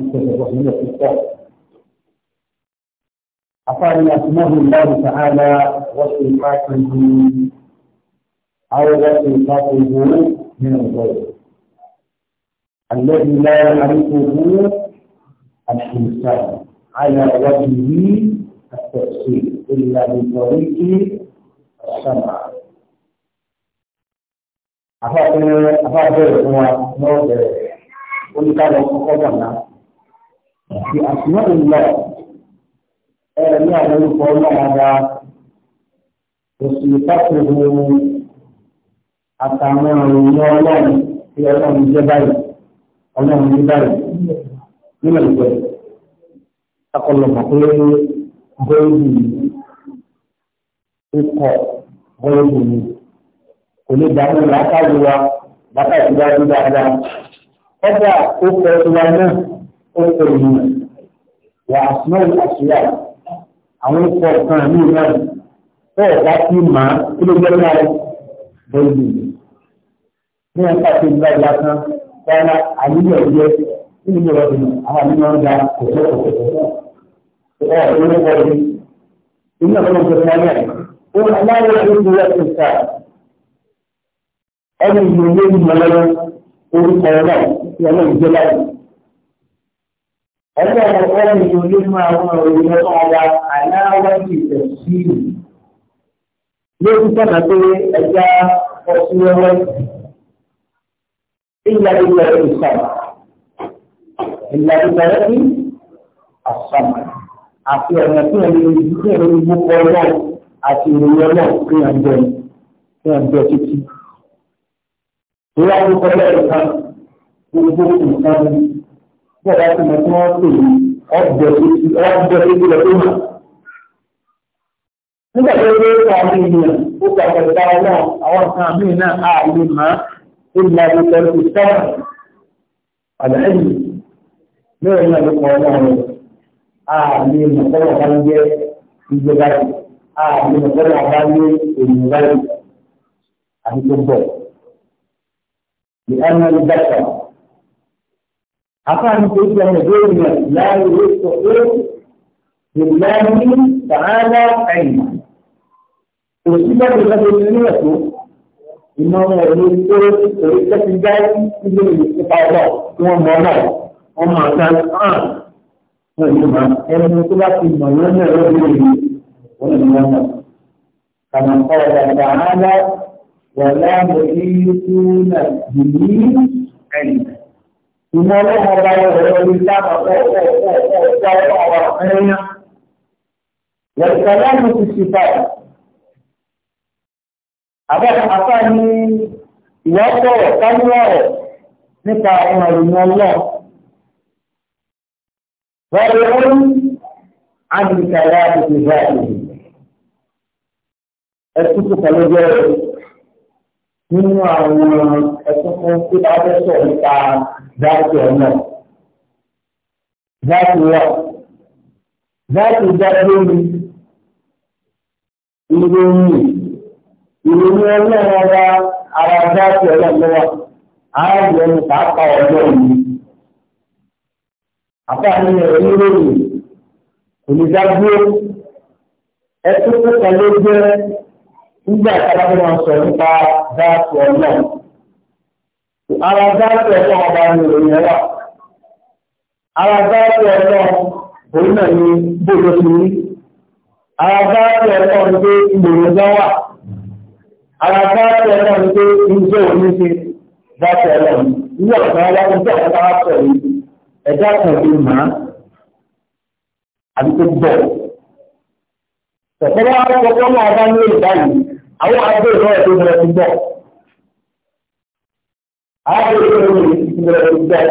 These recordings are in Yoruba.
الرحمن الرحيم أفعل أسماء الله تعالى وصفاته أو وصفاته من الغير الذي لا يعرفه الإنسان على وجهه التفسير إلا من طريق السمع أفعل أفعل هو نور ولكن هذا fi àtúnyẹ̀ lọ ẹ ní àwọn orúkọ ọlọ́mọdá òsì ìtàkùnrin àtàwọn ìròyìn ọlọ́run tí ọlọ́run jẹ́ báyìí ọlọ́run jẹ́ báyìí nílẹ̀ ìgbẹ́ akọlọ̀mọ̀ pé bọ́ọ̀lù ikọ̀ bọ́ọ̀lù ni kò lè dààmú làákàyè wa làákàyè wa dáadáa ọjà ó fẹ́ wa náà orúkọ ìlúmọ̀ wà àsùnmọ́ àṣìyà àwọn orúkọ kan ní ìlú náà bẹ́ẹ̀ bá ti mà á kí ló gbẹ́ náà bẹ́ẹ̀ ni ní ẹ̀ ń pàṣẹ ìlú náà lásán rárá àníyàn jẹ́ nínú ìjọba ìlú àwọn àníyàn ń da kòtò kòtò ọ̀ orúkọ yìí inú ọ̀pọ̀lọpọ̀ ìjọba náà yẹn ó aláwọ̀ orúkọ rẹ̀ ti sà ẹni ìlú ilé ìmọ̀lẹ́wọ̀ orúkọ náà ìyàwó ìjọba yìí ọlọ́run ọ̀rọ̀ yìí nínú àwọn òyìnbó tó wọn wá aláwọ̀dì ìtẹ̀síìlì lórí sọ̀nà pé ẹja ọ̀sùnwẹ́wẹ́ ìyá ìgbà rẹ̀ ìsọ̀rọ̀ ìyá ìgbà rẹ̀ ní àsọ̀mọ̀ àti ọ̀nà tí wọ́n lè yí kí ẹ̀rọ ìgbó pọ̀ náà àti ìròyìn ọlọ́run kí wọ́n jẹ kí wọ́n jẹ títí. ìyá ìgbà rẹ̀ kan gbogbo nǹkan bẹ́ẹ̀ bá ti mọ̀ tí wọ́n pè ní ọ̀bẹ̀ títí lọ tó mọ̀. nígbà tó lé àwọn ènìyàn ó gbà pẹ̀lú ọlọ́run àwọn nǹkan míì náà á lè mọ̀ ìlà ìtọ́jú sọ́ọ̀rọ̀ àdáyé lórí náà ló kọ́ ọlọ́run á lè mọ̀ tọ́wọ́ bá ń jẹ́ ìjọba yìí á lè mọ̀ tọ́wọ́ bá ń jẹ́ ènìyàn báyìí àti tó bọ̀. لأن البشر أفهم كيف أن الدنيا لا يستطيع لله تعالى علما وسيبا بغض النية إنهم يقولون في الجاي إلى الاستطاعة ومعنى ومعنى الآن وإنما أن يطلق المعنى رجله والمعنى كما قال تعالى ولا يحيطون به علما ìmọ̀ ọlọ́mọ bá yọ ọ̀rọ̀ ní sábà ọ̀pọ̀ ọ̀pọ̀ ẹ̀yà. Wẹ̀sẹ̀lá ní ti ṣì fà. Àbẹ́kàtà ní ìwọ́pọ̀ sáníwọ̀rọ̀ nípa àwọn ìròyìn ọlọ́. Bọ́lá ó ní àdìsàlá àti ìgbà ìlú. Ẹ tútù pẹ̀lú bẹ́ẹ̀ nínú àwọn ẹ̀sùn kan tí bá fẹ́ sọ̀rọ̀ nípa dáàtì ọ̀nà. Dáàtì wà. Dáàtì dájú ni ìròyìn ìròyìn ọlọ́run ọba ara dáàtì ọlọ́run wà. Ààrẹ ẹni pàápàá ọjọ́ yìí. Àbá ní ẹ̀rí kò ní dájú ẹ̀sùn kọ̀ọ̀kan ló jẹ́ nígbà tí wọ́n máa sọ nípa dáàtì ọ̀nà ara dáàtì ọ̀nà ọba ní ìròyìn ẹ̀rọ ara dáàtì ọ̀nà òun náà ní bóòdó ti rí ara dáàtì ọ̀nà ní pé ìgbòrò jọ wà ara dáàtì ọ̀nà ní pé ìjọ òní ṣe dáàtì ọ̀nà nígbà tí wọ́n wá nígbà tí wọ́n sọ yìí ẹ̀dá kan ti mà á àbí tó bọ̀. Tọ̀tọ̀ wá sọ fọ́nà ọba ní ìbáyìí àwọn àgbẹ̀ ìlú ẹ̀dọ́ ìbẹ̀rẹ̀ ti gbọ́. àgbẹ̀ ìlú ẹ̀dọ́ ìbẹ̀rẹ̀ ti gbọ́.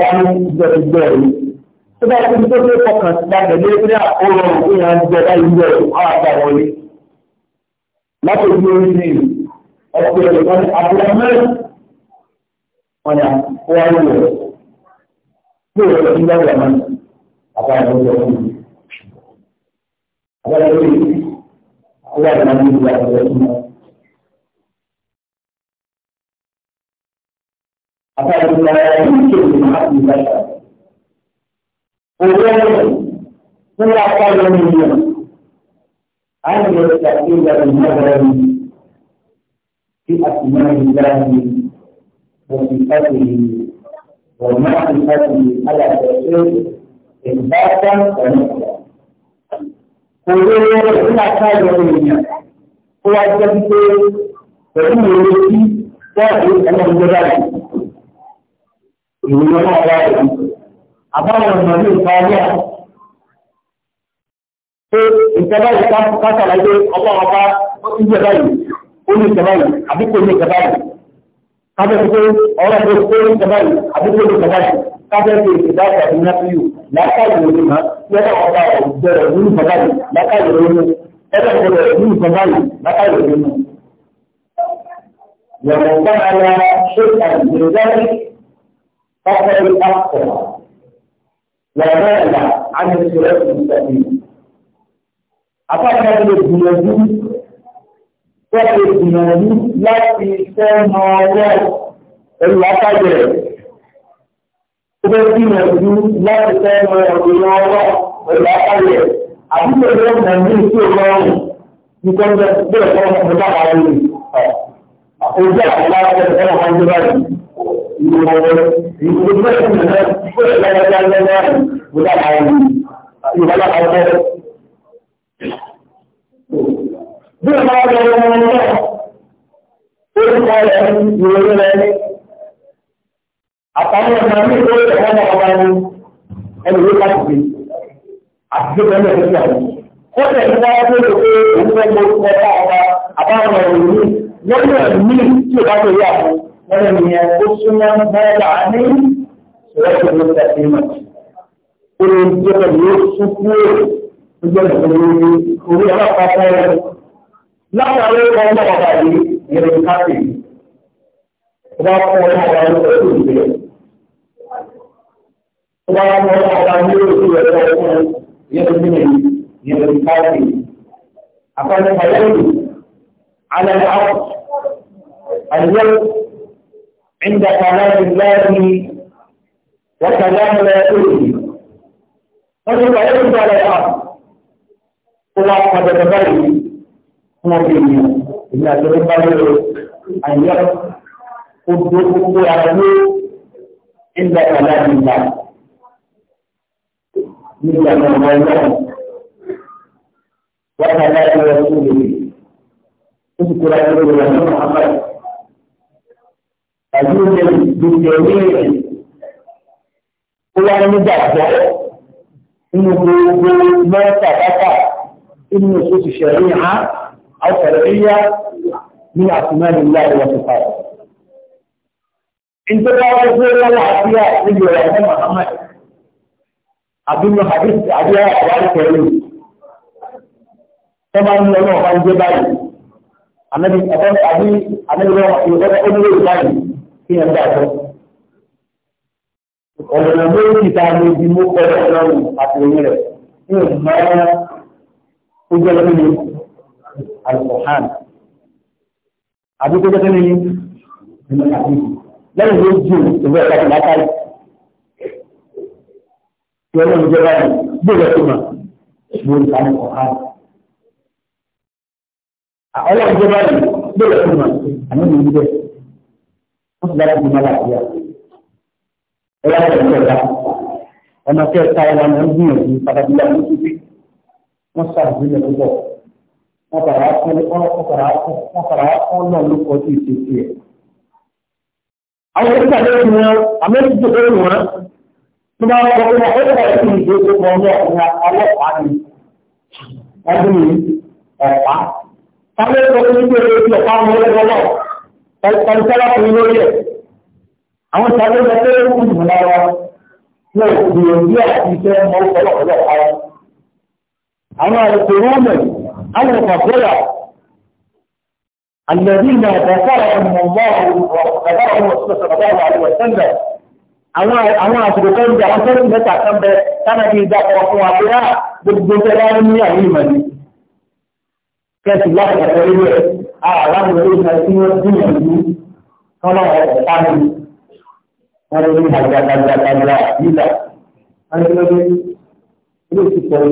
ọ̀hún ìbẹ̀rẹ̀ ti gbọ́ yìí. tó bá ti tó tó kọkàn sí lábẹ́ ní ẹgbẹ́ àkóràn òfin yà ń jẹ báyìí ń bẹ̀rẹ̀ àwọn àgbà wọlé. láti ojú orí ni ọ̀pẹ̀ ìwọ̀n àbúrò mẹ́rin wọn yà wọ́n wọ̀ yóò lọ ìgbàgbọ́ àmọ́ àbáyọ̀ ọ̀pẹ̀ Allah Nabi juga berdoa. Apa yang kita mungkin di mahat di bahasa? Kemudian, Kenapa yang ini? Anggir tak tinggal di Nagrani Di Asma Hidrani Bukti Fati Bukti Fati Alat Rasul Ibatan dan kò rí ọ̀rọ̀ a àtàrí ọmọ ènìyàn ó wá jẹ́ pé pẹ̀lú ìwé sí bọ́ọ̀lù ẹ̀mọ ìjọba rẹ̀ ìwé náà wá rẹ̀ àbáwọn ọmọ ní ìfọwọ́ pé ìjọba yìí ká ṣàlàyé ọgbọ́n ọba ó ti jẹ báyìí ó ní ìjọba yìí àbí kò ní ìjọba yìí ká bẹ́ẹ̀ pé ọ̀rọ̀ tó kó ní ìjọba yìí àbí ní ìjọba yìí kábẹ́ẹ̀tì ìdájà ní náfíù látàrí òní ma yẹ́nà ọba ọ̀gbẹ̀rẹ̀ nínú ìfọ̀báyì látàrí òní ẹ̀rọ ìfọ̀bẹ̀rẹ̀ nínú ìfọ̀báyì látàrí òní. Yọ̀rọ̀ gbára ya ṣé àgbèrèdárí ọkọ̀ ìpapọ̀ yọ̀rọ̀ ẹ̀dà ánìsirẹ́ ìsẹ̀mí. Àpáta lè bẹ gbìyànjú láti fẹ́ mọ ìròyìn ọwọ́ pẹ̀lú àkàlẹ̀ àdúgbò tó ń bọ̀ ní ìṣó lọ́rùn nípa bẹ bẹ́ẹ̀ fọ́ ọmọ bá wà lórí àkójọ àkàlà ọ̀sẹ̀ fẹ́ wọn ní báyìí ìlú ọwọ́ ìlú bẹ́ẹ̀ fún mi náà bẹ́ẹ̀ lọ́wọ́ bá lọ́wọ́ bó dá wà lórí ìwà lára ọwọ́. bí ọmọ ọgbà ọmọ ọmọ náà ó ń kọ́ ẹ̀ ìròyìn rẹ̀ àtàwọn ọmọ mi tó lè wọ́n náà wá ní ẹni ló bá ti gbé àti tó bẹ́ẹ̀ lọ́wọ́ sí àwọn. Kọ́tà ìlú wa tó lè pé òun fẹ́ mọ orúkọ bá ọba àbáwọn ọ̀rọ̀ yìí lọ́dún ẹ̀ mí tí o bá tó yà fún wọn lè nìyẹn ó súnmọ́ mọ́ra ní ìrẹ́pọ̀ ló ti àti ìmọ̀. Ó lè jẹ́ pẹ̀lú ó sún kúrò nígbà tó lè ní orí ọlọ́pàá fún ẹ látàrí ọmọ ọba yìí ìrìn káfíìn. Ó bá fún ọmọ ọba yìí وأنا أعلم على العبد اليوم عند كلام الله وكلام لا يؤذي فجب يجب على العبد قد تبين هو في إلا تبين أن يقف قدوه على عند كلام الله مثل المولى وكذلك رسوله اذكر رسول محمد أجوز بالجميع ولا نجاح إنه ما ثبت إن نصوص الشريعة أو شرعية من أسماء الله وصفاته. إن تقال رسول الله عافية نبي محمد àbínú àbí àwárí pẹ̀lú tó máa ń lọ náà bá ń gbé báyìí àmẹ́bí àbí àmẹ́bíwọ́ ìrọ̀lẹ́ oníwé báyìí kí ẹ̀ dáadọ́ ọ̀rọ̀ méjì ta ní ibi mú pẹ̀lú ọlọ́run àti orí rẹ̀ ní ìmọ̀ràn tó jẹ́ lórí alùpùpù àbí tó jẹ́ lẹ́yìn ló jù ìwé ẹ̀ka ìlàkàyè yọlọ ń jẹba yìí gbọ́dọ̀ tó ma mo ń sáré kọ hàn ọlọ ń jẹba yìí gbọ́dọ̀ tó ma àmì mi ń bẹ wọn ti dára fún mi láàbíyà ẹ yà sọ ìjọ ìdá ọmọ tẹ ẹ táyà wọn ń gbìyànjú pàtàkì ìyá wọn ti fi wọn sọ àbúrò yẹn púpọ̀ wọn fara fún wọn fara fún wọn fara fún náà ló kọ sí ìṣesí ẹ. àwọn ìṣẹ̀lẹ̀ ìwọ̀n àmì ìṣẹ̀lẹ̀ ìwọ̀n tí wọ́n sọ pé wọ́n bẹ̀rẹ̀ sí ìdí tó pọ̀ ní ọ̀pọ̀ ọlọ́pàá ni ọdún yìí ọ̀pá. Táwọn ẹ̀kọ́ tó ń gbé lórí ọ̀pá ọmọ ẹgbẹ́ náà tẹ̀síọ́lá fún lórí ẹ̀. Àwọn ìṣàlẹ̀ ń tó ń kùn lára ní òkùnrin àti iṣẹ́ ọmọ ọlọ́pàá ara. Àwọn àìsàn rúmẹ̀, àwọn ìpàkóyà, الذين àwọn àwọn àsìkò kan bí àwọn sẹ́yìn mẹ́ta kan bẹ sáná bí ìgbà kan fún wa pé á ah, gbogbo tẹ bá ní àwọn ìmọ̀ ni kẹsì láti ẹ̀fọ́ ilé ẹ̀ àwọn ìwé ìgbà tí wọ́n ti yàn ní kọ́nà ẹ̀ka mi wọ́n lè ní àgbàgbàgbàgbà nígbà wọ́n lè lọ́dún ilé ti pọ̀ ní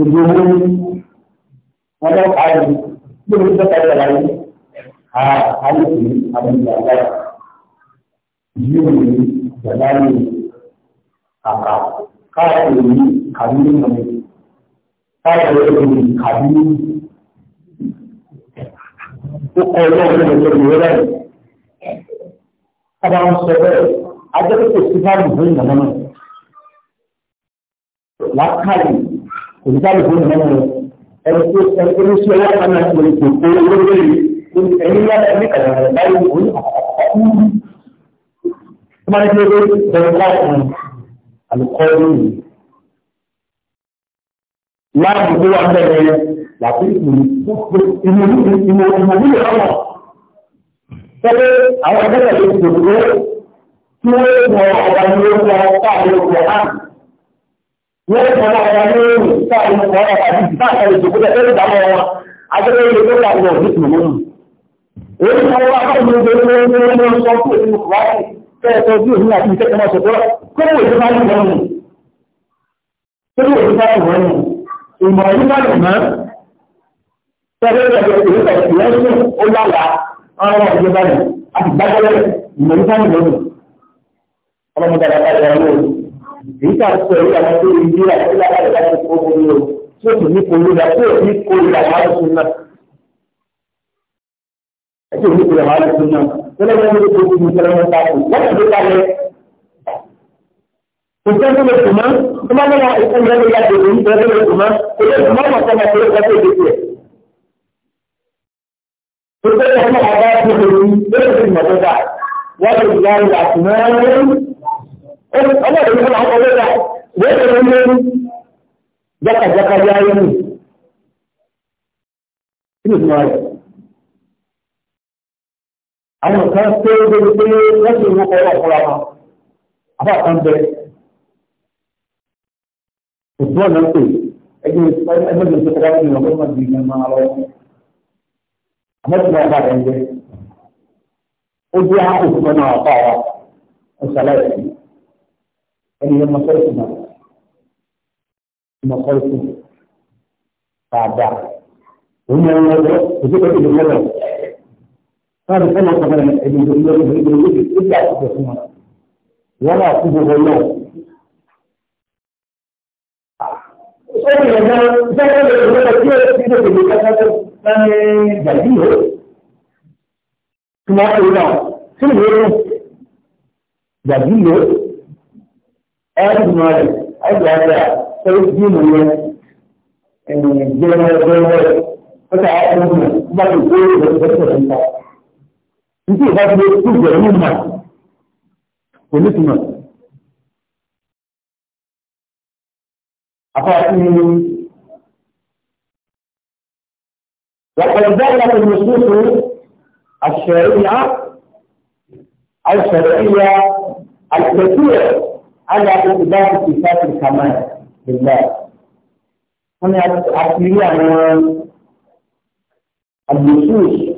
ìgbò owó ní wọ́n lọ́ pa ẹ̀yìn bí wọ́n ti tọ́ka ẹ̀yà láyé àwọn àlejò àbẹ̀yẹ̀ àgbàgbà yóò ní ìjàláyé àkà káàkiri ní kàbílì mọ̀lẹ́ káàkiri ní kàbílì ó kọ́ ọlọ́run ní ọjọ́ ìwé rẹ̀ sábà ń sọ bẹ́ẹ̀ ajẹ́kọ̀ọ́ sí fáàlì fún ìyàmọ́ náà lákàlì kò ní fáàlì fún ìyàmọ́ náà ẹni tó ẹni tó ní sí ọwọ́ kan náà kò ní kò olóògbé yìí ẹni yára ẹni kàdàkàdà báyìí òun àkàkọ́ tó bá ní pé bẹ̀rẹ̀kọ́ ọ̀hún àlùkọ́ lónìí láàbù tó wà bẹ̀rẹ̀ láti ìmọ̀lúwẹ̀ ọ̀hún tẹ́lẹ̀ àwọn ẹgbẹ́ lè dòdò tí wọ́n lè mọ ọ̀gá ní orúkọ káàdì orúkọ náà wọ́n lè mọ ọ̀gá ní orúkọ káàdì orúkọ náà tàbí ìbáṣà ìdòkó tẹ́lẹ̀ dámọ́ wọn agbẹ́lẹ́ ilé tó kà wọ̀ ní ìmọ̀lúwẹ̀ èyí tí wọ́n wá fún mi lórí wọn ní wọ́n sọ fún èmi kùráìtì kẹ́ẹ̀kọ́ bí òun àti ìkẹ́kọ̀ọ́ máa sọ̀tọ́ kọ́wọ́ ìjọba ní wọ́n mú kọ́wọ́ ìjọba ní wọ́n mú ìmọ̀ ìjọba ní mọ́ tẹ́lẹ̀ ìjọba ìjọba ìjọba ìjọba ó lálà ọ̀rọ̀ ìjọba ní àti gbájọ́lẹ̀ ìmọ̀ ìjọba ní wọ́n mú ọlọ́mọdé àgbàdo ọ̀rọ̀ èyí tá a sọ èyí àwọn tó ń gbé àti lágbàdo láti kó ake nufi da malar sunan suna yin da ke cikin karamar tafi wata da ta ne kusan kuma kuma kuma mana ikan da ya ke yi da ya kuma ko ya kuma ma kuma ko ya ke da ke kusan da kuma a ba su da yi da su ma da wata da ya da kuma eh ana da kuma haka da da da ne jaka jaka yayin ne kuma àwọn nǹkan tó ń gbé pé lẹ́sìn ìwò kọ́ ọ̀pọ̀lọpọ̀ wọn àbá kan bẹ òtún ọ̀nà pè ẹgbẹ́ ẹgbẹ́ ìṣẹ́ kọ́kọ́ ní ọ̀gbọ́n máa di ìgbà máa lọ àmọ́tìmọ̀ ọba rẹ̀ ń jẹ ó jẹ́ àkókò mọ́nà ọ̀pá wa ó ṣàlàyé ẹni yẹn mọ sọ́ọ̀tì náà mọ sọ́ọ̀tì dáadáa òun ni ẹni ọjọ́ òṣèlú ìdílé náà wọn rẹ fọlọ kọfẹ ẹni ẹni tó lọ sí ẹni tó ti ti àkókò fún wọn wọn wà kú gbogbo lọ. ó ní ẹ̀dá sọ́kọ́ lè lọ́wọ́ tí ó ti lè tètè kẹ́kẹ́ láti gbàdí rẹ̀ tí wọ́n ti lọ sí ìwé rẹ̀ gbàdí rẹ̀ ẹ̀ẹ́dì mọ́ rẹ̀ ẹ̀dì àgbà tó bí mo yẹ ẹ̀ẹ́dì jẹ́rẹ́ jẹ́rẹ́ ó ta ẹ̀ẹ́dì mọ́ bá ti gbé ìwé rẹ̀ tó tẹ̀lé Ìdí ìbájú tó jẹ́ ní ìmọ̀ kò وقد دلت النصوص الشرعية الشرعية الكثير على إثبات صفات الكمال لله. هنا أتينا النصوص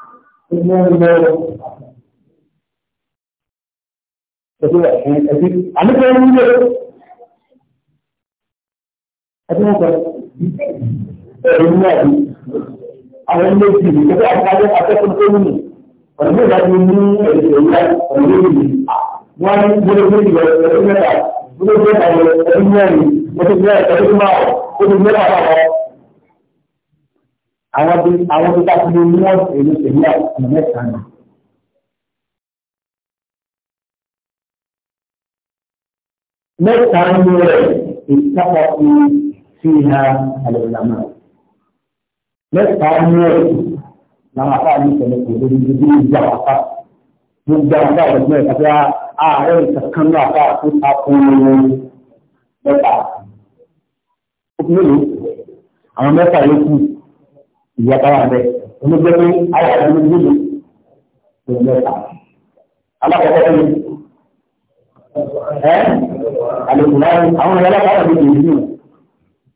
ìmú ìmọ̀ ẹ̀dí ẹ̀dí àníkẹ́ ń lé ẹ̀dí wọn sọ ẹ̀rọ ní ẹ̀dí àwọn ilé ti ìlú tó bá wáyé akẹ́kọ̀ọ́ tó nù ọ̀nà mẹ́ta ti ní ẹ̀dí ẹ̀yà ọ̀nà ìlú wọn ní gbólógbó ìlọ ẹ̀dí mẹ́ta gbólógbó ìlọ ẹ̀dí mẹ́rin ẹ̀dí mẹ́rin ẹ̀dí mẹ́rin ẹ̀dí mẹ́rin àwọn bí àwọn bí káàkiri ní wọn èlò tẹ̀lé ọ̀nà mẹ́ta ni. mẹ́ta ni rẹ̀ ìtàkọ̀ fi fi ha àlẹ́lámà. mẹ́ta ni rẹ̀ làwọn afá mi tẹ̀lé kò lórí ibi ìjà wàfà. mo gba wàfà rẹ̀ mẹ́rin kàtí ààrẹ ìtàkàn náà fà tó ta fún mẹ́ta. ó fi mélòó àwọn mẹ́ta yóò kù ìyá táwa bẹ́ẹ̀ onígbẹ́ pé ayé àti alákọ̀ọ́kọ́ tó ní ẹ́ àlèkùnrin àwọn ọ̀rẹ́ alákọ̀ọ́kọ́ tó ní ìlú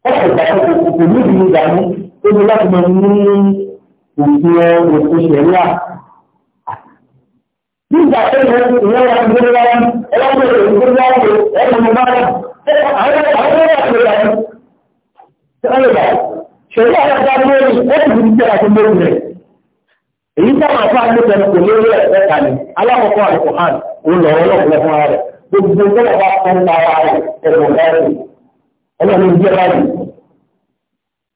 ọ̀pọ̀ ìgbà tó kò ní ìlú ìdààmú tó ní láti mọ ní òfin òfin ṣẹ̀ríà. bí ìgbà tó ní ìwé wa ń gbé wọn ẹlọ́gbọ̀n rẹ̀ ń gbé ṣẹ̀yìn àgbà lórí ẹ̀kú ti jẹ́ àti lórí rẹ̀. Èyí táwọn afá ń lókè kò lórí ẹ̀ka ni alákọ̀ọ́kọ́ àlùkò hàn òun lọ̀rọ̀ lọ́kùnrin fún ara rẹ̀. Gbogbo ìjọba bá fún ara rẹ̀ ẹ̀rọ báyìí. Ọlọ́run jẹ́ báyìí.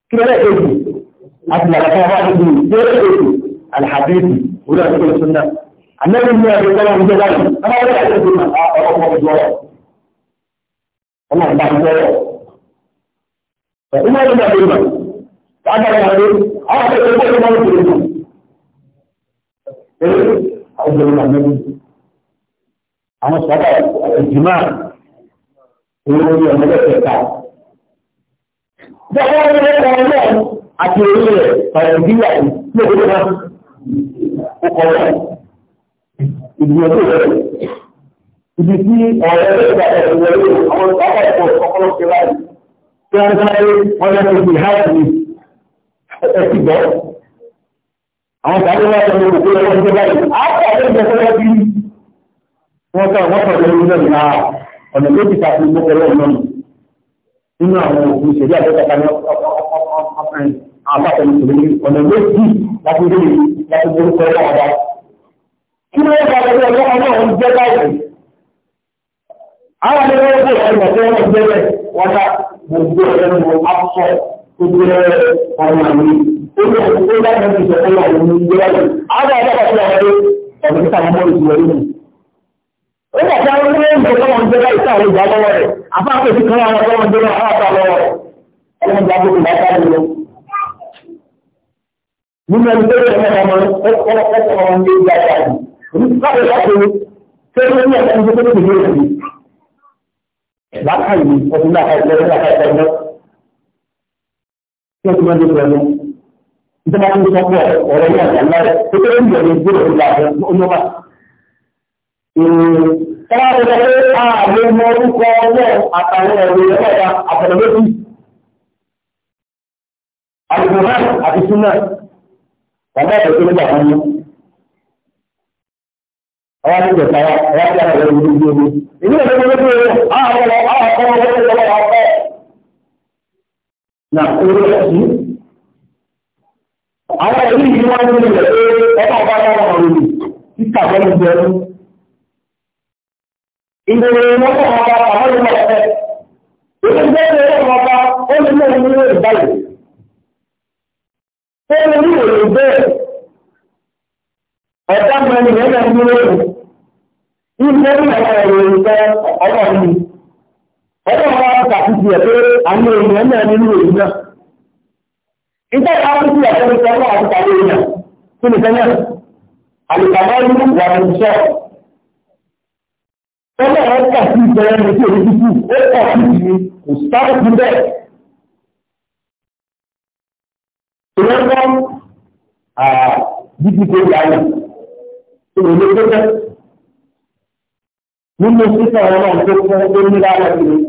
Kí lọ́dẹ̀ èjì àti làlàkọ́ bá ti dùn lórí èjì àlàhàbẹ́ẹ̀tì orí àti kòlù sunna. Àlẹ́bí ní ẹ̀rọ ìjọba ń jẹ́ báyìí. Ọlọ́run bá ti dọ̀rọ̀ lágbàdo àdé àwọn akẹ́kọ̀ọ́ tó ń bá wọn kiri kan ee àwọn ìjọba náà mẹ́rin àwọn sábà ìjìmá owó orí ọmọ ẹgbẹ́ ta bẹ́ẹ̀ wọ́n ní ọkọ̀ ọ̀rọ̀ àti orí rẹ̀ pàrọ̀díyà ní òkú náà ọkọ̀ rẹ̀ ìgbìyànjú rẹ̀ ibi tí ọ̀rẹ́ rẹ̀ gba ẹ̀rọ rẹ̀ ẹ̀sì gbọ́. Àwọn tàbí wọ́n tẹ̀lé olùkọ́ lọ́wọ́ ní báyìí. Àwọn tàbí wọ́n tẹ̀lé wọ́n bí wọ́n tẹ̀lé wọ́n tẹ̀lé olùkọ́ lọ́wọ́ náà ọ̀nà méjì tàbí mọ́kànlá ọ̀nà nínú àwọn òkú ìṣèlú àtẹ́kọ̀ọ́ta ní ọkùnrin àpapọ̀lù ìṣèlú ọ̀nà méjì láti rí láti borúkọ ọwọ́ ọba. Kí ló ń bá ọjọ́ ọjọ́ ọjọ́ ọ̀hún jẹ́ báyìí? Àwọn ọmọ ẹgbẹ́ ọjọ́ ọjọ́ ọjọ́ ọjọ́ ọjọ́ ọjọ́ tó jẹ́ ọmọ àmì ó yẹ kó bá yẹn ti sọ̀rọ̀ ọmọ àmì ní ìgbéra yìí àwọn ọ̀dọ́ bá tẹ̀lé ọmọdé ọ̀dọ́ níta ọmọ ìṣòro yìí ó yẹ kó wọ́n ń bọ̀ sọ́wọ́n jẹ́ láì sáwọn ìgbà lọ́wọ́ rẹ̀ àfáàfẹ́ ti kán àwọn ọmọ jẹ́ láì sáwọn lọ́wọ́ ọmọ ìgbà tó kùnà sáà lọ. nínú ẹni tó yẹ kó ọmọ ẹ̀kọ́ ọmọ ní ìgbà sáàdì oníṣàkóso tó ní ẹ̀kọ́ ní tó tó tí wọ́n ti máa ń dé pẹ̀lú ìjọba tó ń sọ pé ọ̀rọ̀ yẹn àgbà ńlá rẹ̀ tó tó ń bẹ̀rẹ̀ gbọ́dọ̀ ìlà rẹ̀ ọmọba. Ẹ̀rọ ọ̀rọ̀ pé ààrẹ mọ orúkọ ọwọ́ àtàwọn ẹ̀rọ ìrẹ́lẹ́ta àfẹ̀lẹ́lẹ́sì. Àdìgbò náà àti Súnà bàbá ẹ̀rọ tó nígbà fún mi. Ọwọ́ àti ìjọba ọwọ́ àti àwọn ẹ̀rọ ìrẹ́lẹ́sì. Ìlú ìrẹ́lẹ́sì na orí ẹ̀sí. Àwọn ẹ̀rí yìí wọ́n ní ilẹ̀ pé ọba ọba lára ọ̀rọ̀ tí kàbọ̀ ní jẹun. Ìgbèrè wọn kọ̀ ọba àwọn ìlú ọ̀fẹ́. Ìlú jẹ́ pé ọba ọba ó ní ilé ìlú ìlú ìbáyìí. Ó ní ní ìlú bẹ́ẹ̀. Ọ̀dá mẹ́rin ẹ̀rọ ìlú ìlú. Ìlú ẹ̀rọ ìlú ìfẹ́ ọ̀pọ̀ ọ̀pọ̀ ọjọ́ wa pàtàkì tiẹ̀ pé àwọn èèyàn náà nínú èyí náà ìjọ ìpàkùtì àtẹnu sọ fún àti tàbí èèyàn kí ni sẹ́yìn àlùkàmọ́ ní wà ní sọ ọjọ́ wọn kà sí ìbẹ̀rẹ̀ ní sí èyí títí ó kà sí ìdí kò sáré sí bẹ́ẹ̀. ìrẹ́pọ̀ bíbí tó yà ní ìròyìn tó tẹ́ nínú sísọ ọlọ́run tó fún ó ní lára ìròyìn.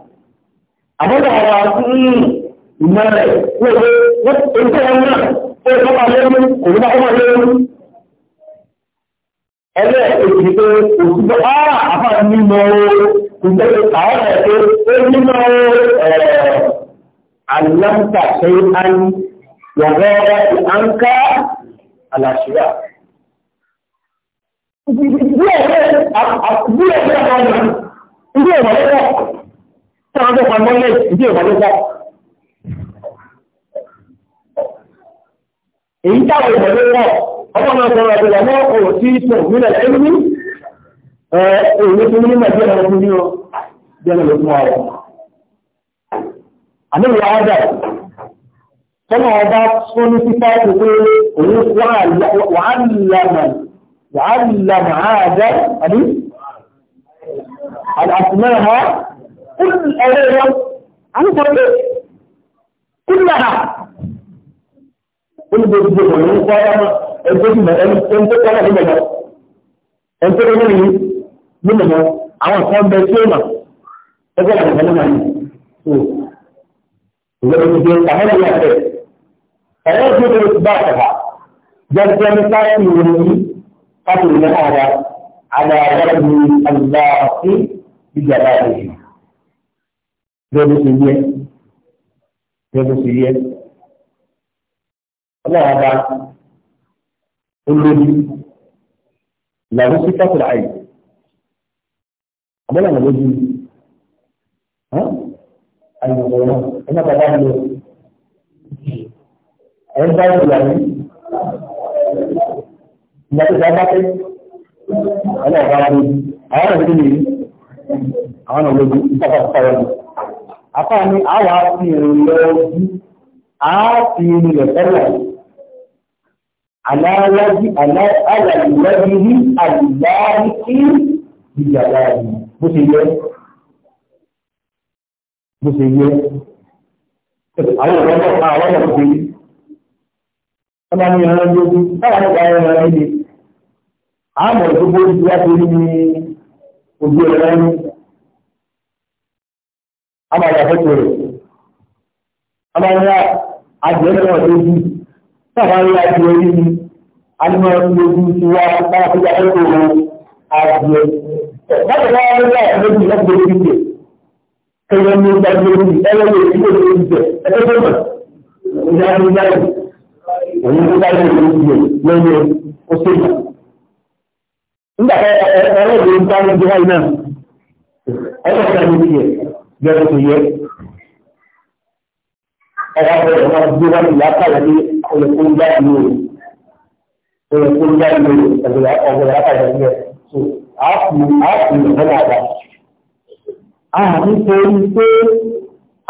àbọ̀dà àwọn akúnyìn ìmọ̀ rẹ̀ wọ́n wọ́n tó ń tẹ́ wọn náà ó sọ pa lẹ́nu kò ní bá kọ́ máa lẹ́nu. ẹgbẹ́ èsì pé òsì pé á àfà nínú ìgbẹ́ àwọn ẹ̀ṣẹ́ ó nínú àlùmọ́tà ṣe án wọ̀gọ́ àǹkà àlàṣíwá. Bí ẹ̀rẹ́ àwọn ọmọ ìdí ẹ̀rọ táwọn tó pa mọ́lẹ̀ ìdí ìwà ló pọ̀. èyí táwọn ìwà ló pọ̀ ọmọ náà sọ̀rọ̀ àti ìwà náà kò sí ìtò nílẹ̀ ẹ̀rú ní èyí tó ní màdí ẹ̀rọ fún yíyan bí ẹ̀rọ ló fún ọ̀rọ̀. àmì ìwà ọ̀dà sọ́nà ọba tó ní fífá ti pé òun wàhálà wàhálà màá dá àbí àtìmọ́ ẹ̀họ́ كل أيام أنا تقول كلها كل بيجي من قام الجد ما أنت أنت كلا هنا أنت كلا هنا من هنا أنا قام بيجينا تقول أنا هنا هنا إذا بيجي تعالى يا أخي فيجب إثباتها جد مثال يوري قبل هذا على غرب الله بجلاله bẹ́ẹ̀ ṣe yẹ bẹ́ẹ̀ ṣe yẹ ọlọ́wọ́ bá olórí làwọn sí kápẹ́lá ayé àbẹ́là làwọn ojú àyẹ̀wò náà ẹ̀ náà bàbá mi lọ ẹ̀ ń bá ìlú àyè ìgbà tó bá pẹ́ ọlọ́wọ́ bá lójú àwọn ọ̀rẹ́ tó lè àwọn ọ̀rẹ́ tó lè ń tàkà fún ọ̀rẹ́ náà afá ni a wà fi ìrìnlẹ̀ ojú a fi ìrìnlẹ̀ tẹ́lẹ̀ aláàlájí aláàlájí ní àlùláàrí kí ìjàdá rẹ̀ bó ṣe yẹ bó ṣe yẹ àwọn ọ̀rọ̀ náà àwọn ọ̀rọ̀ ṣe yí ọba ní ọ̀rọ̀ lójú táwọn ọ̀gá ẹ̀rọ ẹ̀rọ ẹ̀dẹ̀ àmọ̀ ìdúgbò ìdúrà torí ní ojú ẹ̀rọ ẹ̀rọ ama ya fẹ́tò rẹ̀ ama ya adìẹ náà lójú ya adìẹ yìí ni anima lójú ti wá bára fi ya fẹ́tò rẹ̀ adìẹ báwo ni wọn bá yà lójú yà fẹ́tò rẹ̀ jẹ kẹlẹ ní ìgbà tó lójú ẹlẹ ní ìgbà tó lójú jẹ ẹgbẹ tó mọ ìyá ní ìyá yìí òun tó bá yà lójú jẹ lẹ́nu ọ̀sẹ̀ yìí nígbà ẹ ẹ ẹ ẹ bẹ́ẹ̀ tó yẹ ọba bẹ̀rẹ̀ wọn gbé wọn ìyá kàlẹ́ ní olùkóńgbà ìlú rẹ̀ olùkóńgbà ìlú rẹ̀ ọ̀gbẹ̀rẹ̀ kàlẹ́ ní ẹ̀ so àápù àápù ìrọ̀lẹ́ àgbà. a nítorí pé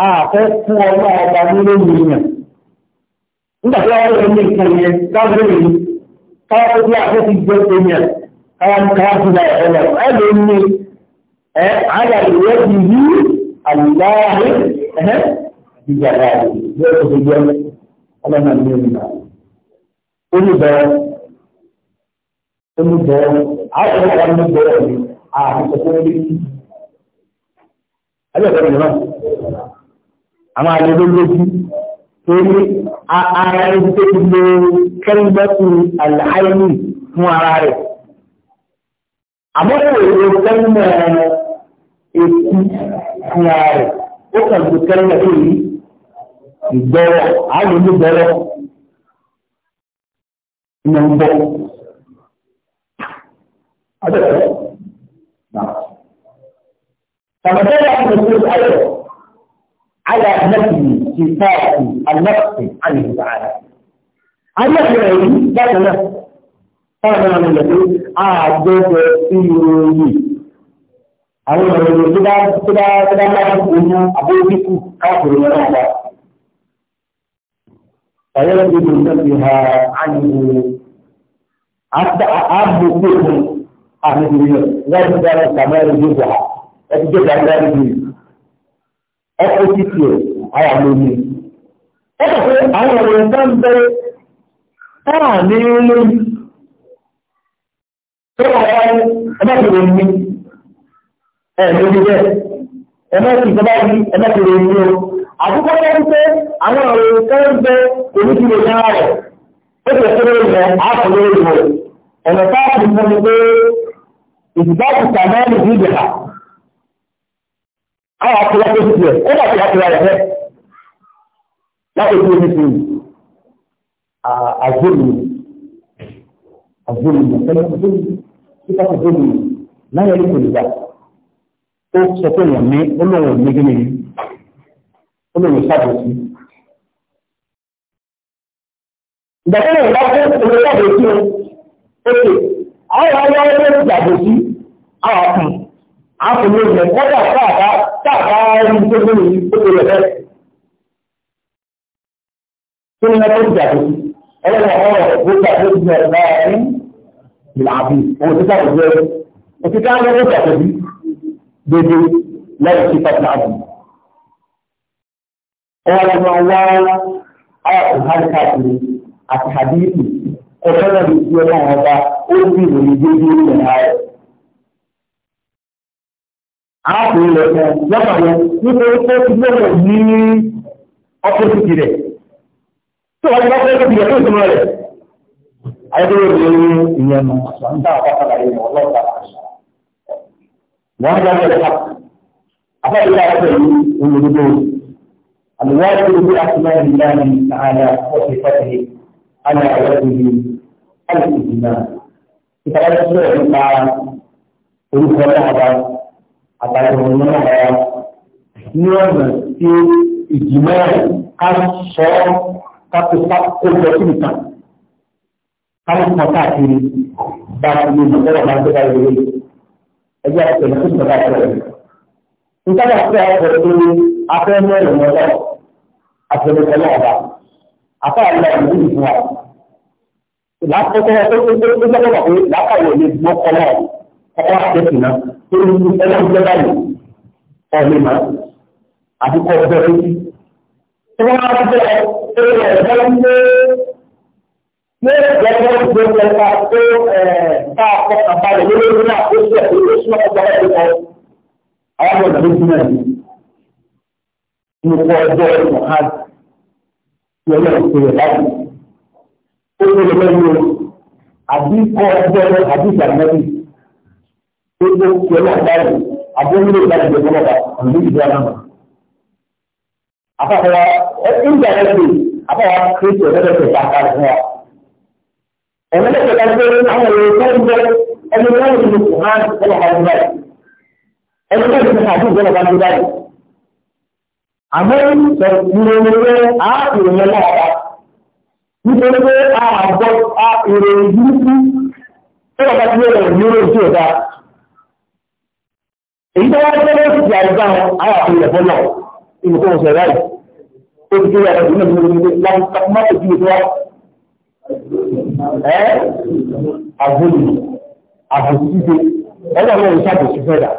a fẹ́ fún ọmọ ọba nílé yìnyín nígbà tí wọ́n lè ní nǹkan yẹn lábẹ́ yìí káwá tó bí àfẹ́ ti gbé tó yẹn káwá káwá tó bá ẹ̀rọ ẹ̀ lè ní ẹ̀ àgbà ìwé ti yí aláàrẹ ẹ̀hẹ́ ìjàrá rẹ̀ yóò tó gbogbo ọlọ́nà ní ìrìnà. Olùbẹ̀rẹ̀ olùbẹ̀rẹ̀ àwọn ọ̀pọ̀ olùbẹ̀rẹ̀ ni àtúnṣe tó ń lé sí. Ẹgbẹ́ ìfẹ́ mìíràn, àwọn àlejò lójú torí ara ẹni tó ti lo kẹ́rìndọ́tù àlàáyé fún ara rẹ̀. Àmọ́ kò lè kẹ́rìndọ́tù ekú fúnra rẹ̀ ó kàn tó kẹ́lẹ́ tó yí ìgbọ́rọ̀ àwọn onígbọ́rọ̀ ní ń bọ́. Adẹ́rẹ́ náà. Tàbátẹ́ láti lè kó ayọ̀ ayà nẹ́tìlì ti fáàkì alẹ́kùn àyẹ̀dá rẹ̀. Ayẹ̀dá rẹ̀ yìí bákan náà. Táwọn ọmọ ìlẹ̀ pé ìròyìn àwọn ìròyìn tó bá tó bá tó bá máa dúkú ní abóyíkú káàkiri wọn náà wá. Ṣàyẹ̀ ló dùn ní ti ha ánìwò àbò kókò àmì ìrìn wọ́n ti dára ìsàmọ́ ẹ̀rọ ìjọba ẹ̀rọ ìjọba ẹ̀rọ ìjọba ẹ̀kọ́ sí tiẹ̀ ara lómi. Ó kọ̀ pé àwọn ìròyìn tó ń bẹ táà ní lórí. Ṣé wọ́n wá ẹ̀rọ ẹ̀ lórí bẹ́ẹ̀ ẹ má ti ìjọba yìí ẹ má ti ròyìn o àkókò tó ń pé àwọn ọ̀rọ̀ ìkẹ́rẹ́ ń bẹ èmi ti lè ní ara rẹ̀ ó ti ẹ̀kọ́ lórí rẹ̀ á kò lórí rẹ̀ ọ̀nà táà ti mọ́ ni pé ìdìbò ti tà náà nì ní ìdìbà àwọn akọ̀lá tó ti tiẹ̀ ó bá ti akọ̀lá rẹ̀ fẹ́ láti ojú omi sí àgbóni àgbóni ìgbà tẹ́lẹ̀ àgbóni kíkà àgbóni láyé ní kò ní gbà ó sọ pé wọ́n ní olóhùn nígbìmí olóhùn sábòsí. ìgbàsílẹ̀ ìgbà fún olóhùn sábòsí o ókè àwọn ará olóhùn sábòsí àwọn kan àfòlóhùn rẹ̀ kọ́dà káàbá káàbá ẹni tó gbóni ó ti rẹ̀ bẹ́ẹ̀. kí ni wọ́n tó sábòsí ọlọ́run ọ̀rọ̀ ló sábòsí rẹ̀ láàrin ìlàbí òun ti sábòsí rẹ̀ òun ti ká lọ́wọ́ sábòsí. daidai láti ṣe pàtàkì àbù. Ọwọ́ ni wọ́n wá àti lè fi ó sì rẹ̀. lọ́pàá yẹn nítorí pé ní rẹ̀. Tí wọ́n ti bá fẹ́ rẹ̀. ìyẹn mọ̀, ọlọ́pàá àṣà. wọ́n dá wọlé ha afẹ́ ìlà ọ̀sẹ̀ yìí olùdókòwò àlùwájú ní asúná ìlà ní ààrẹ ọ̀sẹ̀ fọ́tẹ̀ ààrẹ ọ̀sẹ̀ yìí alùpùpù náà ìtàkà tó sọ̀rọ̀ nípa orúkọ náà àtàkùn ọ̀nà náà ní ọ̀nà tí ìgbìmọ̀ ká sọ ká tó sá ká ló káàkiri bá a ti lè mọ̀ sọ́dọ̀ ẹgbẹ́ ọ̀pẹ̀lú tó sọ̀rọ̀ àtẹ̀lẹ̀. Nítorí àti ọ̀pọ̀ tó afẹ́ mẹ́rin mọ́lọ́ àtẹ̀lẹ̀kọ́lọ́ ọ̀dà. Afẹ́ àlọ́ ìlú ìfún wa. Láàpọ̀tọ́ ẹ̀ tó tó tó tó lọ́wọ́ pé láàpàwọ̀ lè gbọ́ kọ́lọ́ ọkọ̀ àtẹ̀sì náà tó ń lu ẹlẹ́gbẹ́ báyìí ọ̀lẹ́ máa àti kọ́ ọ̀dọ́ ní ìgbẹ́jọ́ ìgbẹ́ ìjọba tó bá ọkọ̀ balẹ̀ lórí náà ó sì ẹ̀kọ́ ló súnmọ́ ọgbà ẹ̀kọ́ lọ. Àwọn ọmọ ìdàgbé sí náà ní ìwọ ọjọ́ ẹ̀kọ́ ha ti ọjọ́ ìpínlẹ̀ báyìí. Ó ní ilé lẹ́yìn o, àbí kọ́ ọjọ́ ẹ̀kọ́ àbí ìgbàlódé. Ó ní ìwọ náà báyìí, àbí ó ní ìgbà ìgbà ìgbà ìgbà ìgbà ìgbà ìgbà Àfàfà wa, ìgbà ẹ̀sìn, àfàwà kìrìtì ọ̀dọ́dọ̀ tẹ̀ ẹ̀mí lẹ́sẹ̀ kan pé àwọn èèyàn tó ń bẹ ẹni tó ń lu kùhán ẹ̀rọ kan tó báyìí ẹni tó ń lu kùhán ẹ̀rọ kan tó báyìí. àmọ́ ìròyìn pé a ìròyìn náà wà nítorí pé a àgbọ̀ a ìròyìn burúkú tó bàbá tí yóò rẹ̀ ní orí ojú ọ̀dà. èyí tó wá pé ló ti àrùbá àwọn àfihàn ẹ̀fọ́ náà ìmùkọ́ òṣèré báyìí ó ti kéré àwọn ìdílé ìdílé láti má ẹ́ àgbòlù àbòsíde ẹ̀dá lórí sábòsí fẹ́dà.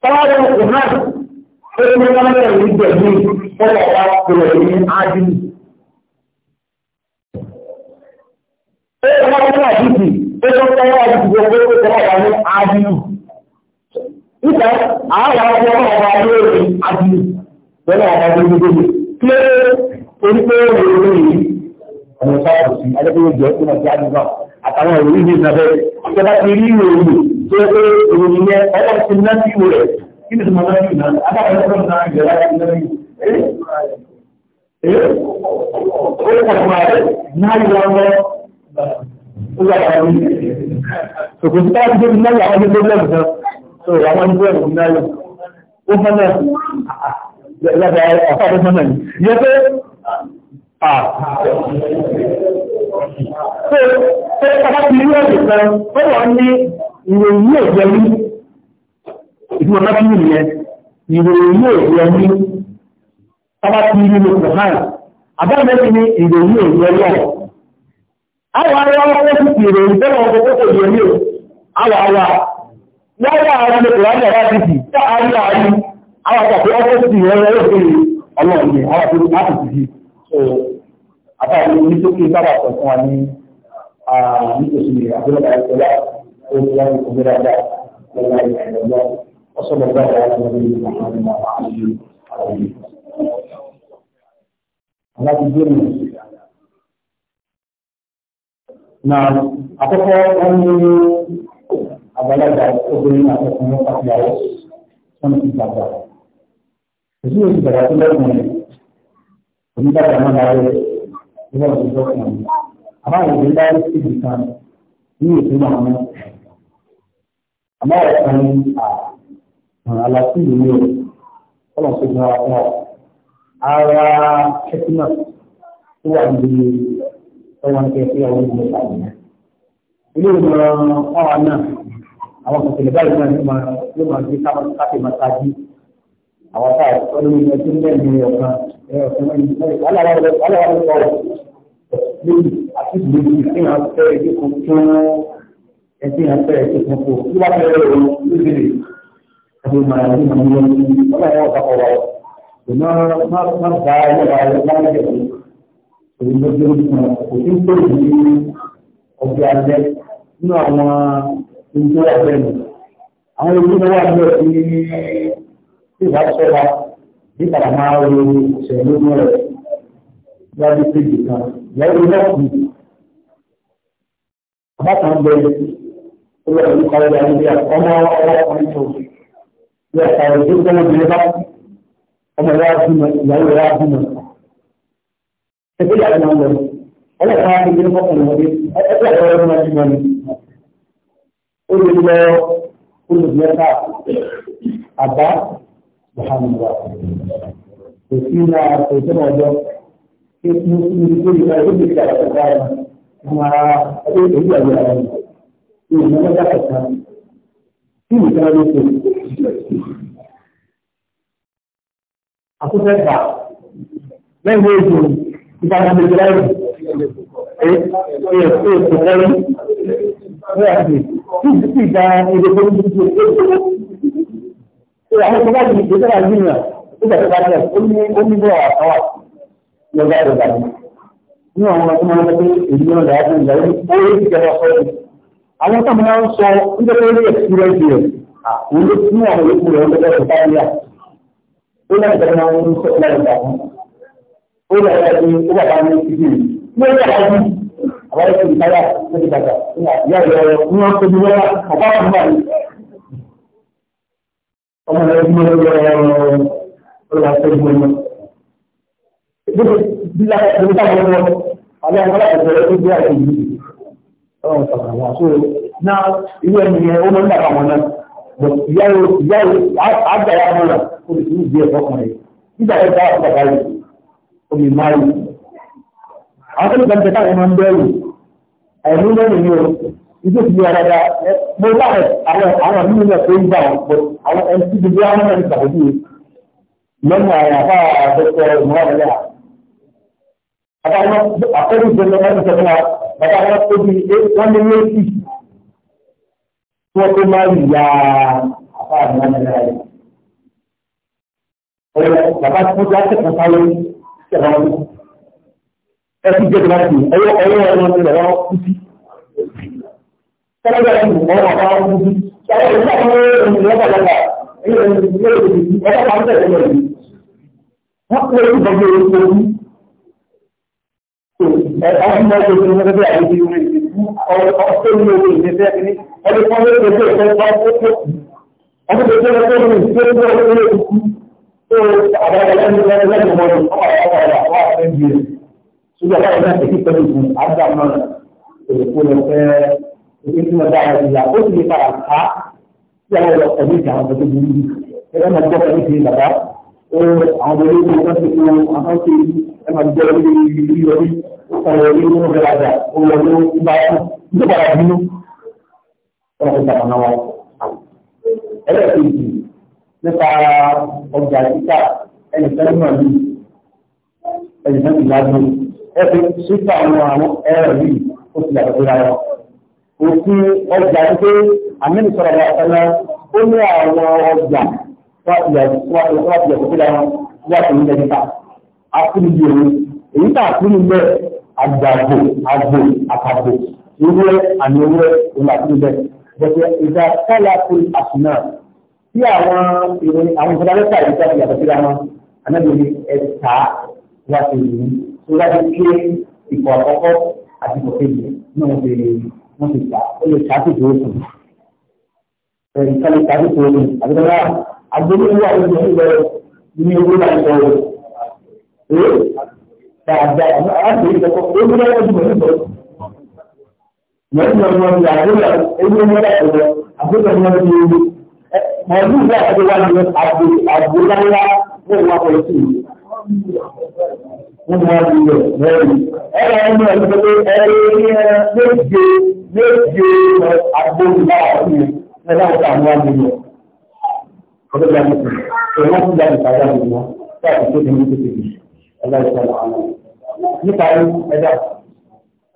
Tọ́wọ́dé Ìhán ó ní wọ́n lè rí gbẹ̀mí fọ́lọ̀ wá pẹ̀lú ní Ádìmù. Ó ní wọ́n ní àdìsí ó tó tọ́wọ́ àdìsí gbogbo ó tọ́wọ́ wá ní Ádìmù. Nígbà àwọn ọmọ ọmọ ọmọ lórí Ádìmù lọ́nà ọmọ ọmọ gbogbo. Kí ló dé? Orí pé ó lè ọmọ sáàpù sí adébíyẹ jẹ ìmọ̀ sí àdúgbò àtàwọn ìròyìn ní ìsàbẹ̀ ṣe bá ti rí ìròyìn tó yẹ pé ìròyìn yẹn ọwọ́ ti ná sí ìwò rẹ̀ kí ni sọmọ náà yìí náà adáwọ̀ ẹ̀rọ náà yẹ láti ní lẹ́yìn. ó yẹ sí náà yà wọ́n ní pọ́blẹ́mù kan Ṣé ọba ti rí ọ̀dọ̀ kan ó ní ìròyìn òjò ní ìdúró bá nwere yẹn ìròyìn òjò ní ọba ti rí ní Kùhán. Àbẹ́rẹ́ ti ní ìròyìn òjò náà. Àwọn ará ọkọ̀ sí ti so àtàwọn ìlú nítorí sábà sọ fún wa ní nítòsí àbúrò àìsọlá tó ń wáyé òbí dáadáa lọ́wọ́ àìsọlá ọ̀sọ̀rọ̀ gbọ́dọ̀ láti wọlé ìlú àwọn ọmọ àwọn ìlú àwọn ìlú. Aláti gbé mi. Na àkọ́kọ́ wọn ní àgbàlagbà obìnrin àtọkùnrin àti àwọn ọmọ ìgbàgbà. Èyí ò sì tó lọ́gbọ̀n yìí onídàgbà náà láyé ìwọ ìjọ kan ní àbáyé ìdí láyé sí ibi kan ní ìpínlẹ̀ àwọn àbáyé kan ní àlàfíì ìlú rẹ̀ ọlọ́run tó gbọ́ra fún ọ. ara ṣẹ́kínà tó wà níbi ọwọ́n kẹfẹ́ ọwọ́ ìlú ìta nìyẹn. ilé ìmọ̀ ọ̀wà náà àwọn kòkòrò báyìí náà ló máa ló máa gbé káfíńmátájì àwọn táà ọlọ́run ẹgbẹ́ ní ọ̀kan wàhálà wà lọ wàhálà wà lọ sọ lórí àti lórí tí wọn fẹ́ ẹgbẹ́ kan tó ẹgbẹ́ wọn fẹ́ ẹgbẹ́ kan tó tí wọn fẹ́ ẹgbẹ́ kan tó lórí àti màá ní màá ní lórí wàhálà wà lọ sọ má má má bá ẹgbẹ́ wa lọ má lọ sọ èyí ló dé ojú kan kò sí tó yìí ní ọjọ́ alẹ́ nínú àwọn ohun tó wà bẹ́ẹ̀ nù àwọn ojú náà wà ní ọ̀sìn ní ìbáṣọ́ wa bí kàrà máa ń lo ìṣẹ̀lẹ̀ inú rẹ̀ lọ́dún péjì kan lẹ́yìn náà kù. Bàbá kan bẹ olú ẹ̀rọ kọ́ ẹ̀rọ ayé bíi ọmọ ọkùnrin tó bí ẹ̀ka ẹ̀rọ tó gbọ́n obìnrin bá ọmọ ìyá bímọ ìyàwó ìyá bímọ. Ẹgbẹ́ ìyá náà lọ ọlọ́pàá ti gbé fọ́kùnrin wọlé ẹgbẹ́ ẹ̀rọ ẹ̀rọ máa bímọ ni. Ó lè lọ olùdíyẹ́ká àbá Alhamdulillah. Kò sí ní àtẹ̀sọ́nà ọjọ́ tí mo ti ní kó ìgbà tó ti kà láti bá ẹ̀ mọ ara ẹgbẹ́ èyí àgbẹ̀ ara rẹ̀. Ní ìmọ̀ ọjà kẹta, tí mo tẹ́lẹ̀ ló ṣe. Àkókò ẹ̀ka lẹ́yìn ló ṣe ìgbà tó ti kà láti ẹ̀ ẹ̀ ẹ̀ kò kọ́rí. Ní àti tí ìdá ìdókòwò tó ti kà ṣe àwọn tó bá ti ṣe sára yíyan nígbà tó bá tẹ̀ ó ní ó ní bọ̀ àtàwà lọ́gbà ìrọ̀gbà ni. ní àwọn ọmọ tó máa ń lọ pé èyí náà lọ́wọ́ fún ìgbà yìí ó rí ìjọba sọ ni. àwọn tó máa ń sọ nígbà tó rí ẹ̀sìrẹ́sì rẹ̀ àwọn ló fún àwọn yòókù rẹ̀ lọ́gbà tó bá rí à. ó náà ìjọba máa ń sọ láì gbà fún. ó náà ìjọba ti ó bàbá mi ti bì ní ó yàrá yìí àwọn ẹ̀sìn ìtayà ló ti bàtà ìyá ìyá rẹ̀ ní wọ́n tóbi lọ́wọ́ àbá ọmọ rẹ̀ ní ọjọ́ ọlọ́wà tó gbé wọn. Bí láti ṣe ń lọ, àwọn ọmọ láti ṣe ọdún bí àti ìlú. Ọ̀rọ̀ sọ̀rọ̀ wà tó na ilé ẹni yẹn ó máa ń dàgbà wọn náà. Bọ̀ ìyá yóò ìyá yóò àgbà yà wọn náà kó lè tún ìdí ẹ̀kọ́ kan rẹ̀. Nígbà yẹn bá bàbá rẹ̀ omi máa yìí. Àwọn tó ń gbàgbé táwọn máa ń bẹ̀rù. Àìní lẹ́nu ni o, ìdí òsì yára dáa mo láwọn àwọn àwọn mímú náà tó ń gbà wọn pé àwọn ẹni tí gbogbo àwọn náà ń gbàgbé lọ́nà àyàfà àdókò ìmọ̀ràn náà. Bàbá wọn àkọ́rí ìjọba wọn ti sọ fún wa bàbá wọn tó bí wọn ní méjì tí wọ́n tó máa ń yà àfà ìmọ̀ràn náà Ọ̀rẹ́ bàbá tí wọ́n ti akẹ́kọ̀ọ́ sáré wọn. Ẹ ti jẹ́ ìgbà tí ọwọ́ ọwọ́ ọwọ́ ọwọ́ kú sí tọ́lọ́gbà ẹni wọ́n wà fáwọn ọmọ bí tọ́lọ́gbà ẹni wọ́n wọ́n wọ́n wọ́n wọ́n wọ́n Ṣùgbọ́n àwọn ọ̀dọ́ ti kí pẹ̀lú ìgbìmọ̀ àgbà náà, èkó lọ fẹ́ èyí tí wọ́n dá àwọn ìyá ó sì lè fara ká sí àwọn ọ̀pọ̀ ní ìjà àwọn ọ̀pọ̀ tó burú yìí ẹ̀rọ máa gbọ́ pẹ̀lú ìdílé bàbá ó àwọn ọmọ ilé ìwé kan ti fún àwọn tó yìí ẹ máa gbọ́ ilé ìlú yọrí ọ̀rọ̀ ilé ìwé wọn bẹ̀rẹ̀ àjà ó lọ ní ìgbà ní ìgbà bínú ọ̀rọ̀ ìjà kan náà wá. ẹlẹ́ẹ̀kejì nípa ọjà títà ẹnì kan náà ní ẹnì kan ti lágbó ẹ fi síta àwọn ẹ̀rọ yìí ó ti yàtọ̀ òfin ọjà ń pé àmínú sọ̀rọ̀ bá ọ̀nà ó ní àwọn ọjà wáfìyàtò síra wọn wáfì ní ẹ̀dínkà akúrúdì òní èyí tá àkúrú bẹ́ẹ̀ àgbàgbò àgbò àkàgbò ewúrẹ́ àmì ewúrẹ́ òun àkúrú bẹ́ẹ̀ bẹ̀tẹ̀ ìdá kọ́lá fún àṣìná tí àwọn ìròyìn àwọn ìjọba lẹ́tà yìí tó àfìyàtò síra wọn anábìrì ẹ̀ta wáfì yìí tó wájú kí ikọ̀ àkọ́kọ́ àti ìkọ̀ kejì náà ń wọ́n ti gbà ó lè ṣàtìtì oṣù ẹ̀rí ká lè ṣàtìtì oṣù àbíkọ́lá agbóhùn wà lóṣù nílẹ̀ ní owó náà sọ ọ́ ee dáadáa àwọn aláṣẹ ìjọkọ ewu náà wọ́n ti mọ̀ nípa mọ̀ọ́dún ọmọ mi àgbélà ewu ọmọ náà sọ̀rọ̀ àgbélà ọmọ mi ewu mọ̀ọ́dún ìgbà àti wà ní àgbélà ńlá wọ́n wà pọ̀ sí ìlú wọ́n wá ní rẹ̀ wọ́n ẹ̀rọ ọmọ ìgbẹ́lẹ̀ ẹ̀rọ méje méje àgbóhùnbá ọ̀hún ẹ̀rọ àwọn àmúlò ọdún ìgbà mẹ́sàn ẹ̀rọ wọ́n fún ìgbà ìpàdé àwọn ọmọ láti tó ní ojú tèmi ẹ̀rọ ìgbà àwọn nípa ẹ̀dá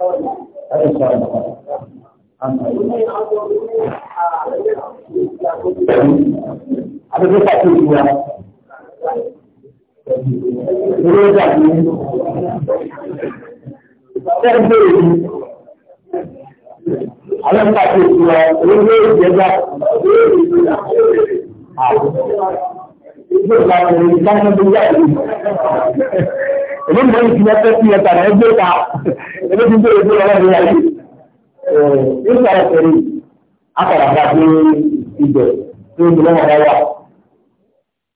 ẹ̀rọ ìgbà àwọn àbẹ̀bẹ̀ pàtó ìgbà ìwé dàbí tẹ́gbẹ́ èyí alẹ́pàdé ìwà orílẹ̀ ìjẹba ah. ìgbé ìgbà ìrìn ìdáná tó yàtọ̀ èmi mọ̀ ní ìfìyà tẹ́sí ẹ̀ta náà ẹgbẹ́ ta ẹgbẹ́ tí ń bèrè tó lọ́wọ́ ìrìn àyè yóò sọ̀rọ̀ pẹ̀lú akọ̀rọ̀ àgbà pé ìbẹ̀ tó ń lọ́wọ́ wá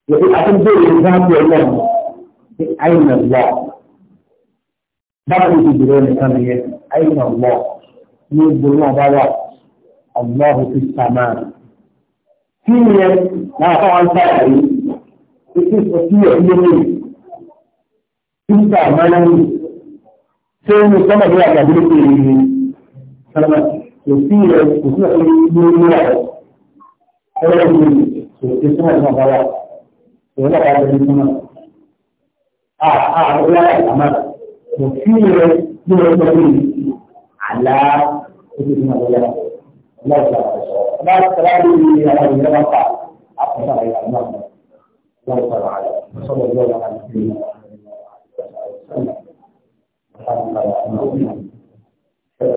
Jadi akan jadi satu yang di ain Allah. Dapat itu juga kan dia ain Allah. Ini belum bawa Allah itu sama. Sini nah kawan saya itu sesuatu yang ini kita mana ni? Saya sama dia ada beli ini. Selamat. Jadi sesuatu yang ini. Kalau ini sesuatu yang bawa òun náà bá lórí fún náà. À à lórí àmà kò sí ìwé ní wọ́n tó ní àlá ojú fún àwọn ọlọ́run. Ọlọ́run ti àwọn ọ̀ṣọ́. Ọba sọ̀rọ̀ àbí ní àwọn ìyẹn bá fà á kò sọ̀rọ̀ àyà náà mọ̀. Ọlọ́run sọ̀rọ̀ àyà sọ̀rọ̀ ọlọ́run àti ìgbéyàwó. Thank you.